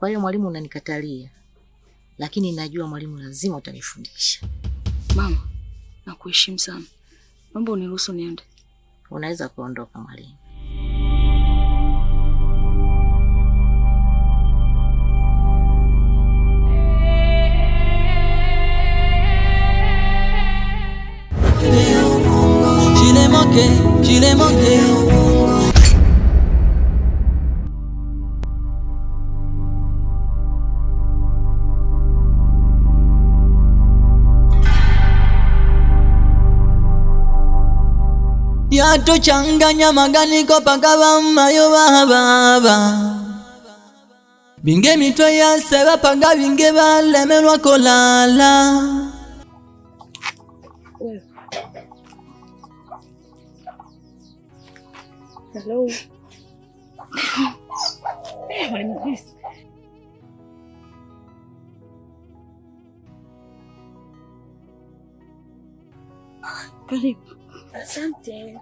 Kwa hiyo mwalimu, unanikatalia, lakini najua mwalimu, lazima utanifundisha. Mama, nakuheshimu sana, naomba uniruhusu niende. Unaweza kuondoka mwalimu. Chilemoke, chilemoke byatokyanganya maganiko paka bammayo baabaaba binga emitwe yaseba paga binge balemerwa kolaala Hello. what is this? Karibu. Asante.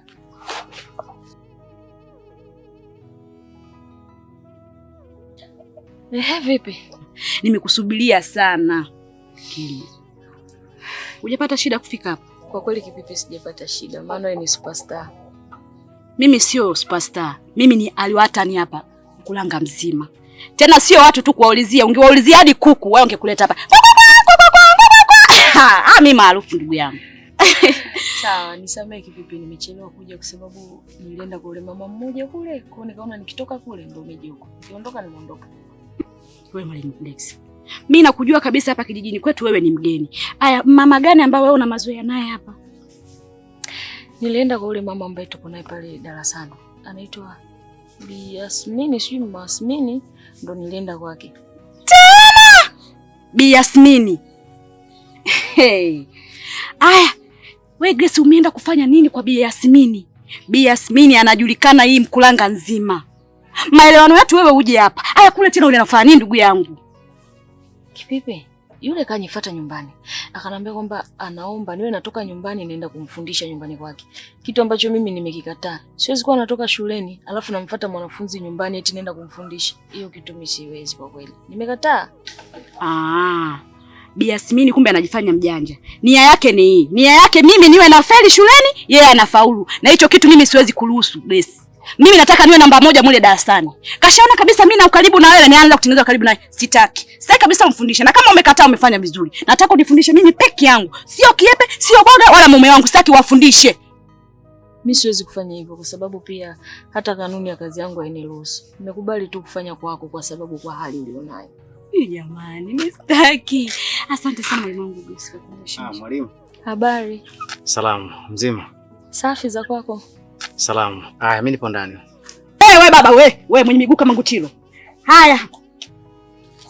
Ehe, vipi? Nimekusubiria sana. ujapata shida kufika hapa? Kwa kweli kipipi, sijapata shida, maana ni superstar. Mimi sio superstar, mimi ni aliwatani hapa kulanga mzima, tena sio watu tu kuwaulizia, ungewaulizia hadi kuku wao, ungekuleta hapa ah, mimi maarufu, ndugu yangu Sawa, nisamee kipipi, nimechelewa kuja kwa sababu nilienda kwa yule mama mmoja kule, kwa nikaona nikitoka kule ndio nije huko. Nikiondoka nimeondoka. Wewe mwalimu Dex. Mimi nakujua kabisa hapa kijijini kwetu wewe ni mgeni. Aya, mama gani ambaye wewe una mazoea naye hapa? Nilienda kwa yule mama ambaye tuko naye pale darasani. Anaitwa Bi Yasmini, si Mama Yasmini ndo nilienda kwake. Tena! Bi Yasmini. Hey. Aya, We Grace, umeenda kufanya nini kwa Bi Yasmini? Bi Yasmini anajulikana hii Mkulanga nzima. Maelewano yetu wewe uje hapa. Aya kule tena ule anafanya nini ndugu yangu? Kipipe, yule kanifuata nyumbani. Akanambia kwamba anaomba niwe natoka nyumbani naenda kumfundisha nyumbani kwake. Kitu ambacho mimi nimekikataa. Siwezi kuwa natoka shuleni, alafu namfuata mwanafunzi nyumbani eti naenda kumfundisha. Hiyo kitu mimi siwezi kwa kweli. Nimekataa. Ah. Bi Yasmini kumbe anajifanya mjanja. Nia yake ni hii. Nia yake mimi niwe na feli shuleni, yeye yeah, anafaulu. Na hicho kitu mimi siwezi kuruhusu, basi. Mimi nataka niwe namba moja mule darasani. Kashaona kabisa mimi na ukaribu na wewe, nianza kutengeneza karibu naye. Sitaki. Sitaki kabisa umfundishe. Na kama umekataa umefanya vizuri. Nataka unifundishe mimi peke yangu. Sio kiepe, sio boga wala mume wangu. Sitaki wafundishe. Mimi siwezi kufanya hivyo kwa sababu pia hata kanuni ya kazi yangu hainiruhusu. Nimekubali tu kufanya kwako kwa sababu kwa hali ulionayo. Jamani, mistaki. Asante sana mwalimu. Ah, mwalimu. Habari. Salamu. Mzima. Safi za kwako. Salamu. Haya, mimi nipo ndani. Hey, eh, we baba we, we mwenye miguu kama ngutilo. Haya.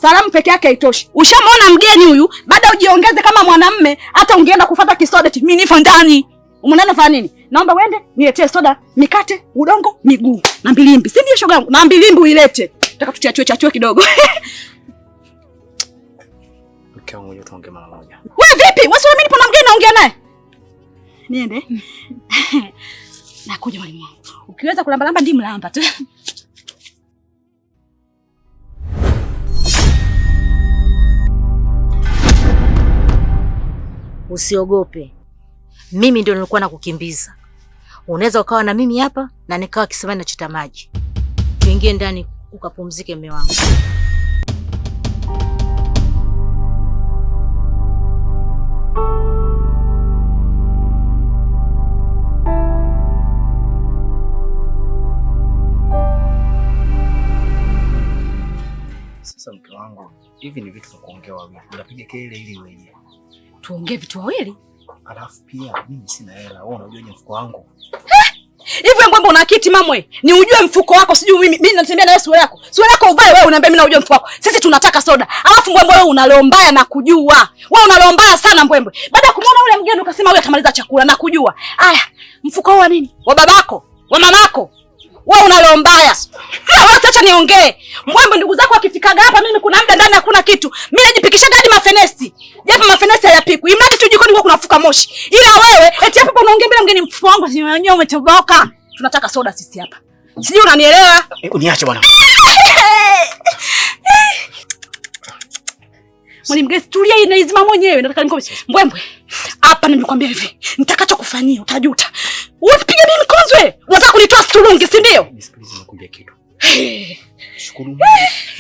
Salamu peke yake haitoshi. Ushamwona mgeni huyu, baada ujiongeze kama mwanamme, hata ungeenda kufata kisoda mimi nipo ndani. Umenana fanya nini? Naomba uende niletee soda, mikate, udongo, miguu na mbilimbi. Si ndio shoga yangu? Na mbilimbi uilete. Nataka tuchachue chachue kidogo. mke wangu leo tuongee mara moja. Wewe vipi? Wewe mimi nipo na mgeni naongea naye. Niende. Nakuja mwalimu wangu. Ukiweza kulamba lamba ndimu lamba tu. Usiogope. Mimi ndio nilikuwa nakukimbiza. Unaweza ukawa na mimi hapa na nikawa kisimani nachota maji. Tuingie ndani ukapumzike, mume wangu. Sasa mke wangu, hivi ni vitu vya kuongea wawili, unapiga kelele ili weje? Tuongee vitu wawili, alafu pia mimi sina hela. Wewe unajua je mfuko wangu hivyo kwamba una akili mamwe, ni ujue mfuko wako. Sijui mimi mimi natembea na wewe, sura yako sura yako uvae wewe, unaambia mimi na naujua mfuko wako. Sisi tunataka soda, alafu mbwembwe wewe unaleo mbaya na kujua. Wewe unaleo mbaya sana mbwembwe. Baada ya kumuona yule mgeni ukasema wewe atamaliza chakula na kujua. Aya, mfuko wa nini? Wa babako? Wa mamako? wewe una roho mbaya. Acha niongee. Mbwembe ndugu zako wakifikaga hapa mimi kuna muda ndani hakuna kitu. Mimi najipikisha hadi mafenesi. Japo mafenesi hayapikwi. Imradi tu jikoni kwa kunafuka moshi. Ila wewe eti hapa unaongea bila mgeni mfuko wangu unanyoa umetoboka. Tunataka soda sisi hapa. Sijui unanielewa? Eh, uniache bwana. Mwalimu Grace tulia, inaizima mwenyewe. Nataka nikoe. Mbwembwe. Hapa nimekwambia hivi, nitakacho kufanyia utajuta. Unipiga mimi konzwe. Unataka kunitoa sturungi, si ndio? Nisikilize nakwambia kitu. Shukuru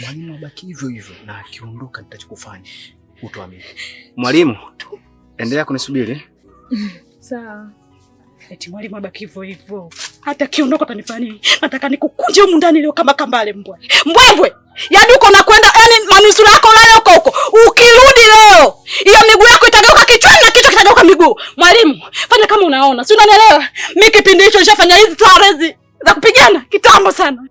mwalimu abaki hivyo hivyo na akiondoka nitachokufanya. Utoamini. Mwalimu, endelea kunisubiri. Sawa. Eti mwalimu abaki hivyo hivyo. Hata kiondoka atanifanya nini? Nataka nikukunje huko ndani leo kama kambale mbwe. Mbwembwe. Yaani uko nakwenda, yani manusura yako lale huko huko. Ukirudi leo hiyo hiyo, miguu yako itageuka kichwani na kichwa kitageuka miguu. Mwalimu, fanya kama unaona, si unanielewa? Mi kipindi hicho nishafanya hizi tarezi za kupigana kitambo sana.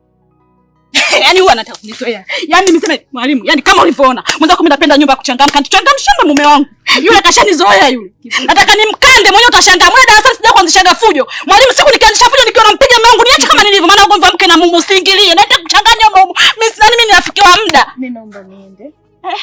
Yaani huwa anataka kunitoa. Yaani niseme mwalimu, yaani kama ulivyoona. Mwanzo mimi napenda nyumba ya kuchangamka. na mume wangu. Yule kashanizoea yule. Nataka nimkande mwenyewe utashangaa. Mwana darasa sija kuanzisha fujo. Mwalimu siku nikianzisha fujo nikiwa nampiga mangu wangu niache kama nilivyo maana ugomvi mke na mume usiingilie. Naenda kuchanganya mume. Mimi sina mimi ninafikiwa muda. Mimi naomba niende. Eh.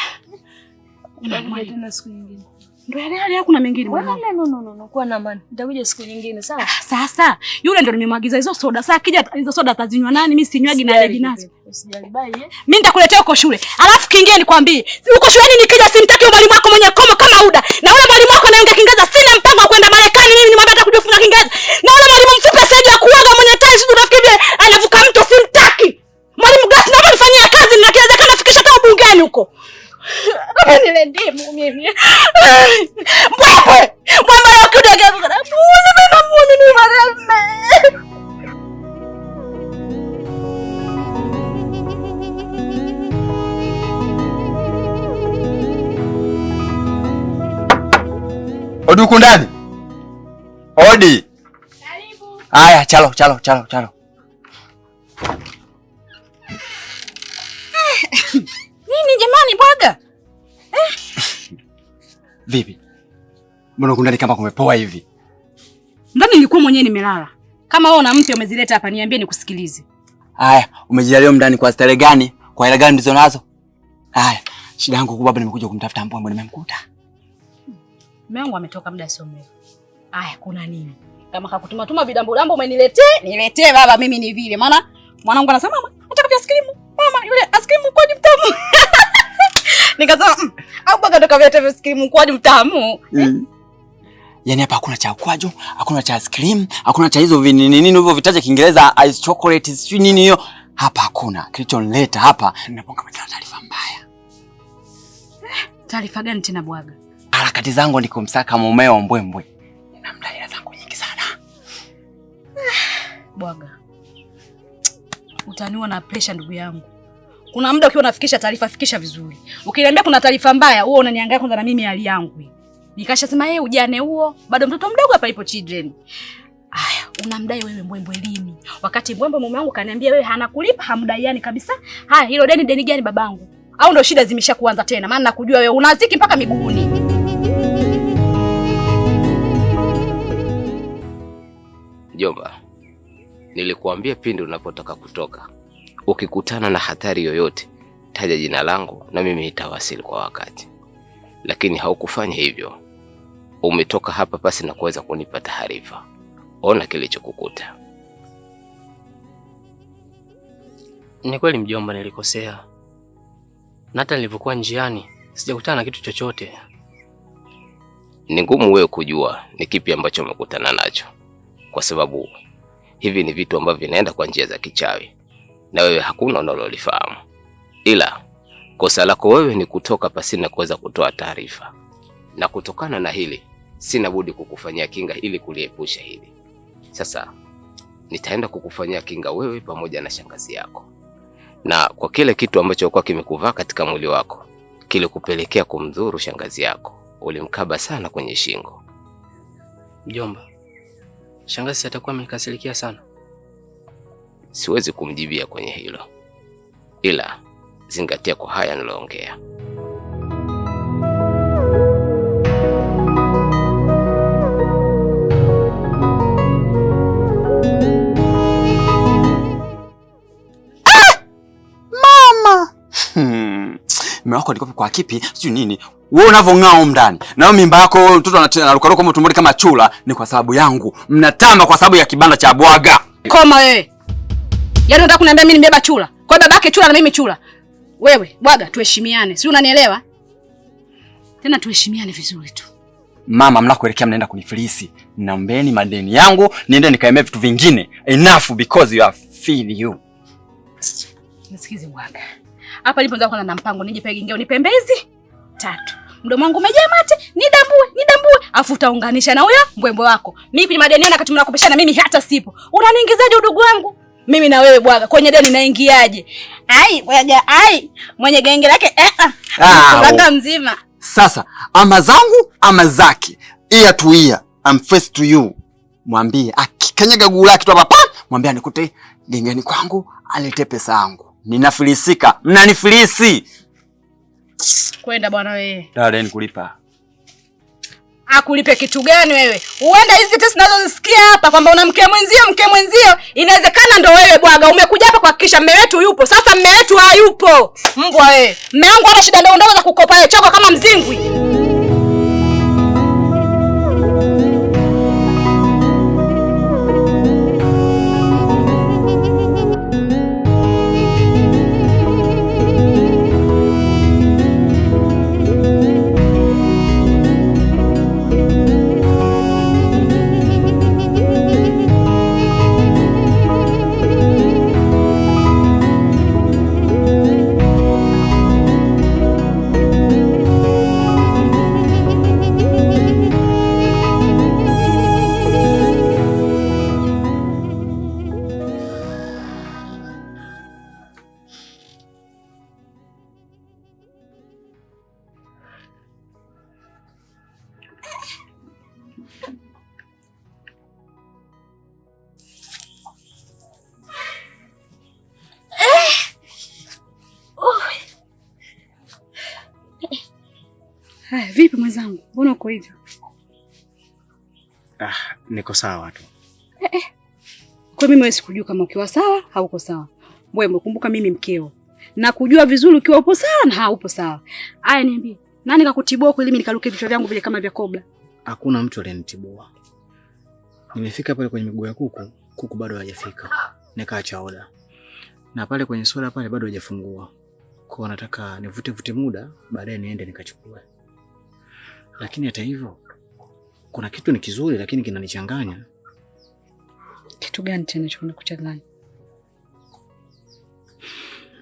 Tena siku nyingine. Ndio yale yaani yale hakuna mengine. Wala no no no no, kwa na maana. Nitakuja siku nyingine, sawa? Ah, sasa, yule ndo nimemwagiza hizo soda. Sasa akija hizo soda atazinywa nani? Mimi sinywagi na lady nazo. Usijali bai eh. Mimi nitakuletea huko shule. Alafu kingine nikwambie, huko shuleni nikija simtaki mwalimu wako mwenye komo kama Uda. Na yule mwalimu wako anaongea Kiingereza, sina mpango wa kwenda Marekani mimi nimwambia hata kujifunza Kiingereza. Na yule mwalimu mfupi asaidia kuoga mwenye tai sio unafikiri vile anavuka mto simtaki. Mwalimu Gas, naomba nifanyie kazi, ninakiwezekana nafikisha hata bungeni huko. Zile ndimu mimi. Mbwapwe. Mama yakudega kana. Muone mama muone ni marembe. Oduku ndani. Odi. Karibu. Aya, chalo, chalo, chalo, chalo. Vipi? Mbona kundani kama kumepoa hivi? Ndani nilikuwa mwenyewe nimelala. Kama wewe una mke umezileta hapa niambie nikusikilize. Haya, umejilalia ndani kwa starehe gani? Kwa hela gani ndizo nazo? Haya, shida yangu kubwa hapa nimekuja kumtafuta mbwa nimemkuta. Mume wangu ametoka muda sio mrefu. Haya, kuna nini? Kama hakutuma tuma vidambo dambo umeniletee, niletee baba mimi ni vile. Maana mwanangu anasema mama, nataka ice cream. Mama, yule ice cream kwa ni mtamu. Nikasema mm, au baga ndo kavya tv cream kwaje mtamu. Mm. Eh? Yaani hapa hakuna cha kwajo, hakuna cha skrim, hakuna cha hizo vininini hivyo vitaje Kiingereza ice chocolate, sijui nini hiyo. Hapa hakuna. Kilichonileta hapa ninaponga kwa taarifa mbaya. Eh, taarifa gani tena bwaga? Harakati zangu ni kumsaka mumeo mbwembwe. Namna hela zangu nyingi sana. Eh, bwaga. Utaniwa na pressure ndugu yangu. Kuna muda ukiwa unafikisha taarifa fikisha vizuri. Ukiniambia kuna taarifa mbaya, huo unaniangalia kwanza na mimi hali yangu. Nikashasema yeye eh, ujane huo, bado mtoto mdogo hapa ipo children. Aya, unamdai wewe mbwembwe lini? Wakati mbwembwe mume wangu kaniambia wewe hana kulipa, hamdaiani kabisa. Haya, hilo deni deni gani babangu? Au ndio shida zimesha kuanza tena? Maana nakujua wewe unaziki mpaka miguuni. Jomba, nilikuambia pindi unapotaka kutoka Ukikutana na hatari yoyote, taja jina langu na mimi nitawasili kwa wakati. Lakini haukufanya hivyo, umetoka hapa pasi na kuweza kunipa taarifa. Ona kilichokukuta. Ni kweli mjomba, nilikosea, na hata nilivyokuwa njiani sijakutana na kitu chochote. Ni ngumu wewe kujua ni kipi ambacho umekutana nacho, kwa sababu hivi ni vitu ambavyo vinaenda kwa njia za kichawi na wewe hakuna unalolifahamu, ila kosa lako wewe ni kutoka pasina kuweza kutoa taarifa, na kutokana na hili sina budi kukufanyia kinga ili kuliepusha hili. Sasa nitaenda kukufanyia kinga wewe pamoja na shangazi yako, na kwa kile kitu ambacho kwa kimekuvaa katika mwili wako kilikupelekea kumdhuru shangazi yako, ulimkaba sana kwenye shingo. Mjomba, shangazi atakuwa amenikasirikia sana siwezi kumjibia kwenye hilo, ila zingatia kwa haya niloongea. Hmm. Mume wako kwa kipi? Sijui nini. Wewe unavyong'aa huko ndani. Na wewe mimba yako mtoto anarukaruka kama tumboni kama chula ni kwa sababu yangu. Mnatamba kwa sababu ya kibanda cha bwaga. Koma wewe. Yaani unataka kuniambia mimi nimebeba chura? Kwa babake chura na mimi chura. Wewe bwaga, tuheshimiane. Si unanielewa? Tena tuheshimiane vizuri tu. Mama, mnakoelekea mnaenda kunifilisi. Naombeni madeni yangu, niende nikaeme vitu vingine. Enough because you are feel you. Nisikize bwaga. Hapa lipo ndio kuna mpango nije pege ngeo nipe mbezi tatu. Mdomo wangu umejaa mate, nidambue, nidambue. Afu utaunganisha na huyo mbwembwe wako. Mimi kwenye madeni yangu nakati mnakopeshana mimi hata sipo. Unaniingizaje udugu wangu? mimi na wewe bwaga, kwenye deni naingiaje? Ai bwaga, ai mwenye genge lake eh, ah, ah oh. mzima. Sasa ama zangu ama zake, ear to ear, I'm face to you. Mwambie akikanyaga guu lake tu hapa mwambie anikute gengeni kwangu, alete pesa yangu. Ninafilisika, mnanifilisi kwenda bwana. Wewe dada, nikulipa Akulipe kitu gani wewe? Uenda hizi tetesi nazozisikia hapa kwamba una mke mwenzio, mke mwenzio, inawezekana mwaga. Umekuja hapa kuhakikisha mme wetu yupo, sasa mme wetu hayupo. Mbwa wewe, mme wangu hata shida ndogo ndogo za kukopa, choko kama mzingwi. yako hivyo? Ah, niko sawa tu. Eh, eh. Kwa mimi wewe sikujua kama ukiwa sawa hauko sawa. Wewe kumbuka mimi mkeo. Na kujua vizuri ukiwa upo sawa na haupo sawa. Aya, niambie. Nani kakutibua huko ili mimi nikaruke vichwa vyangu vile kama vya kobra? Hakuna mtu alinitibua. Nimefika pale kwenye miguu ya kuku, kuku bado hajafika. Nikaacha oda. Na pale kwenye soda pale bado hajafungua. Kwa nataka nivute vute muda, baadaye niende nikachukue. Lakini hata hivyo kuna kitu ni kizuri, lakini kinanichanganya. Kitu gani tena cha kuchanganya?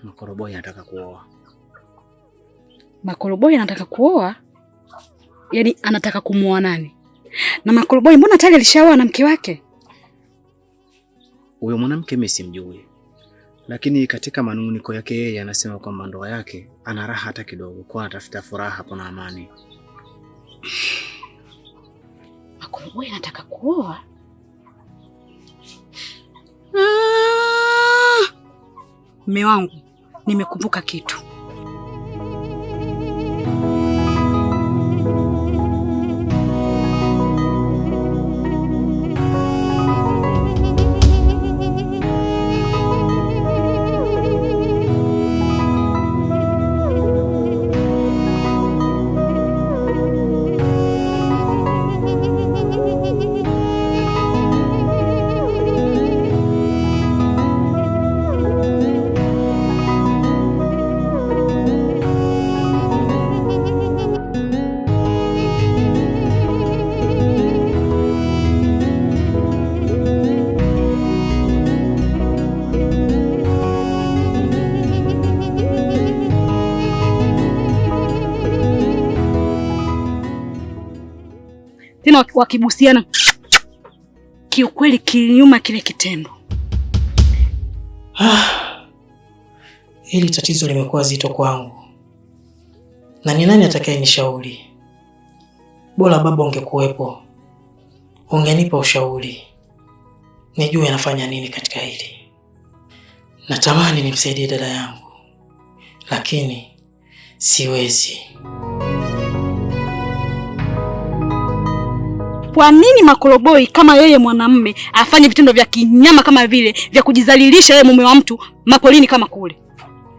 Makoroboi anataka kuoa. Makoroboi anataka kuoa? Yaani anataka kumuoa nani? Na Makoroboi mbona tayari alishaoa na mke wake? Huyo mwanamke mimi simjui, lakini katika manunguniko yake yeye anasema kwamba ndoa yake ana raha hata kidogo, kwa anatafuta furaha hapo na amani. Makungui anataka kuoa. Mme wangu, nimekumbuka kitu. wengine wakibusiana, kiukweli kinyuma kile kitendo. Ah, hili tatizo limekuwa zito kwangu, na ni nani atakaye nishauri? Bora baba ungekuwepo, ungenipa ushauri nijue nafanya nini katika hili. Natamani nimsaidie dada yangu, lakini siwezi. Kwa nini Makoroboi kama yeye mwanamme afanye vitendo vya kinyama kama vile vya kujizalilisha yeye mume wa mtu mapolini kama kule?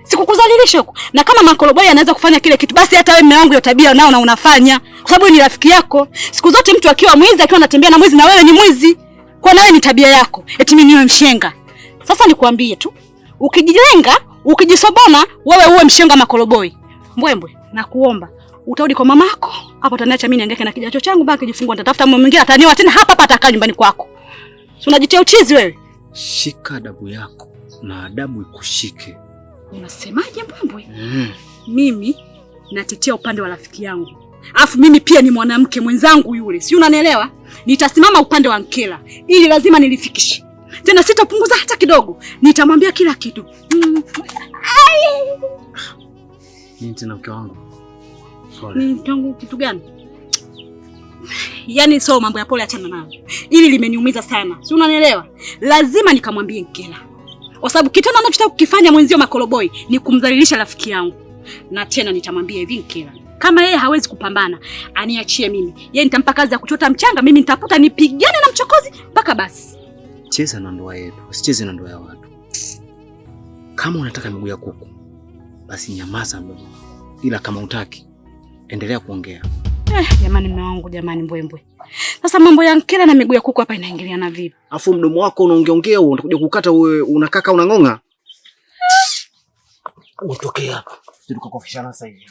Sikukuzalilisha huko. Na kama Makoroboi anaweza kufanya kile kitu, basi hata wewe mume wangu hiyo tabia nao na unafanya, kwa sababu ni rafiki yako. Siku zote mtu akiwa mwizi, akiwa anatembea na mwizi, na wewe ni mwizi. Kwa na ni tabia yako. Eti mimi niwe mshenga. Sasa nikwambie tu, ukijilenga, ukijisobona, wewe uwe mshenga Makoroboi. Mbwembwe, nakuomba utarudi kwa mamako hapo, utaniacha mimi niangaike na kijacho changu mpaka kijifungua. nitatafuta mume mwingine ataniwa tena hapa hapa, atakaa nyumbani kwako. Si unajitia uchizi wewe? Shika adabu yako na adabu ikushike. Unasemaje mbwembwe? Mm. Mimi natetea upande wa rafiki yangu, alafu mimi pia ni mwanamke mwenzangu yule, si unanielewa? Nitasimama upande wa Nkela ili lazima nilifikishe, tena sitapunguza hata kidogo, nitamwambia kila kitu. Mm. Ai. Nini tena mke wangu? Ni tangu kitu gani? Yaani sio mambo ya pole, achana nayo. Ili limeniumiza sana, si unanielewa? Lazima nikamwambie Nkela, kwa sababu kitendo anachotaka kukifanya mwenzio Makoroboi ni kumdhalilisha rafiki yangu, na tena nitamwambia hivi, Nkela kama yeye hawezi kupambana aniachie mimi. Yeye nitampa kazi ya kuchota mchanga, mimi nitafuta nipigane na mchokozi mpaka basi. Cheza na ndoa yetu, usicheze na ndoa ya watu. Kama unataka miguu ya kuku, basi nyamaza mdomo, ila kama utaki endelea kuongea. Eh, jamani mume wangu jamani, mbwembwe. Sasa mambo ya nkera na miguu ya kuku hapa inaingiliana vipi? Afu mdomo wako unaongeongea huo, unakuja kukata wewe, unakaka unang'onga. Utokee hapa. Tulikokofishana sasa hivi.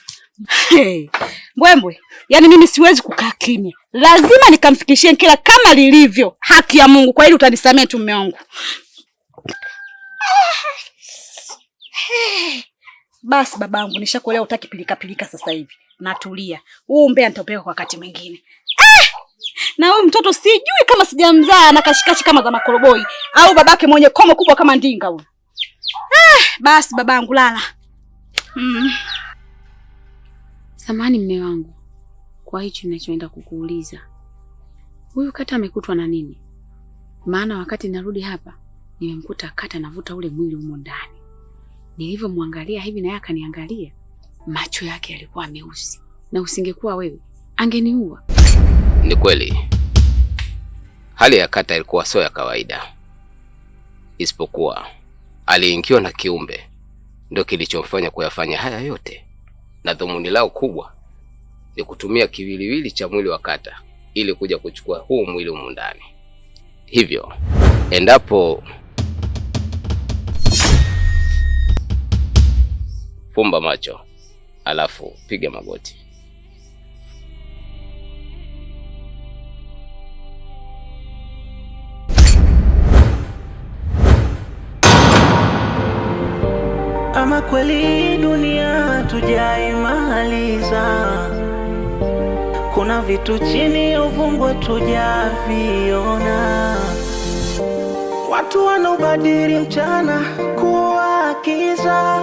Hey, mbwembwe, yaani mimi siwezi kukaa kimya, lazima nikamfikishie nkera kama lilivyo. Haki ya Mungu, kwa ili utanisamehe tu mume wangu. Hey. Basi babangu, nishakuelewa, utaki pilika sasa hivi natulia. Huu umbea nitaupeka kwa wakati mwingine. Eh! Na huyu mtoto sijui kama sijamzaa na kashikashi kama za makoroboi au babake mwenye komo kubwa kama ndinga huyu. Ah, basi babangu lala. Mm. Samani mme wangu kwa hicho ninachoenda kukuuliza. Huyu kata amekutwa na nini? Maana wakati narudi hapa nimemkuta kata navuta ule mwili humo ndani. Nilivyomwangalia hivi na yeye akaniangalia macho yake yalikuwa meusi, na usingekuwa wewe angeniua. Ni kweli hali ya kata ilikuwa sio ya kawaida, isipokuwa aliingiwa na kiumbe, ndio kilichomfanya kuyafanya haya yote, na dhumuni lao kubwa ni kutumia kiwiliwili cha mwili wa kata ili kuja kuchukua huu mwili humu ndani. Hivyo endapo fumba macho alafu piga magoti. Ama kweli dunia tujaimaliza, kuna vitu chini uvungwa tujaviona, watu wanaobadili mchana kuwa kiza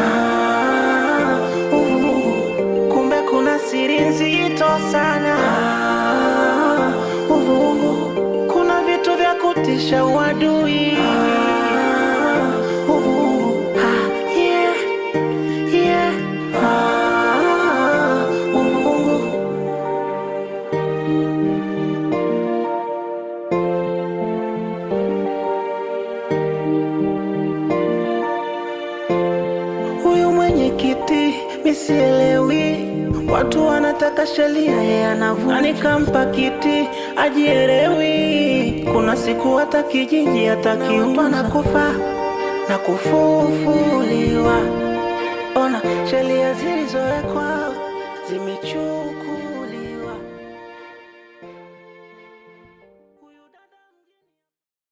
ah, uh, kumbe kuna siri nzito sana ah, uh, kuna vitu vya kutisha uadui ah, sheria yeye anavuna, nikampa kiti ajielewi. Kuna siku hata kijiji hata kiumba na kufa na kufufuliwa. Ona sheria zilizowekwa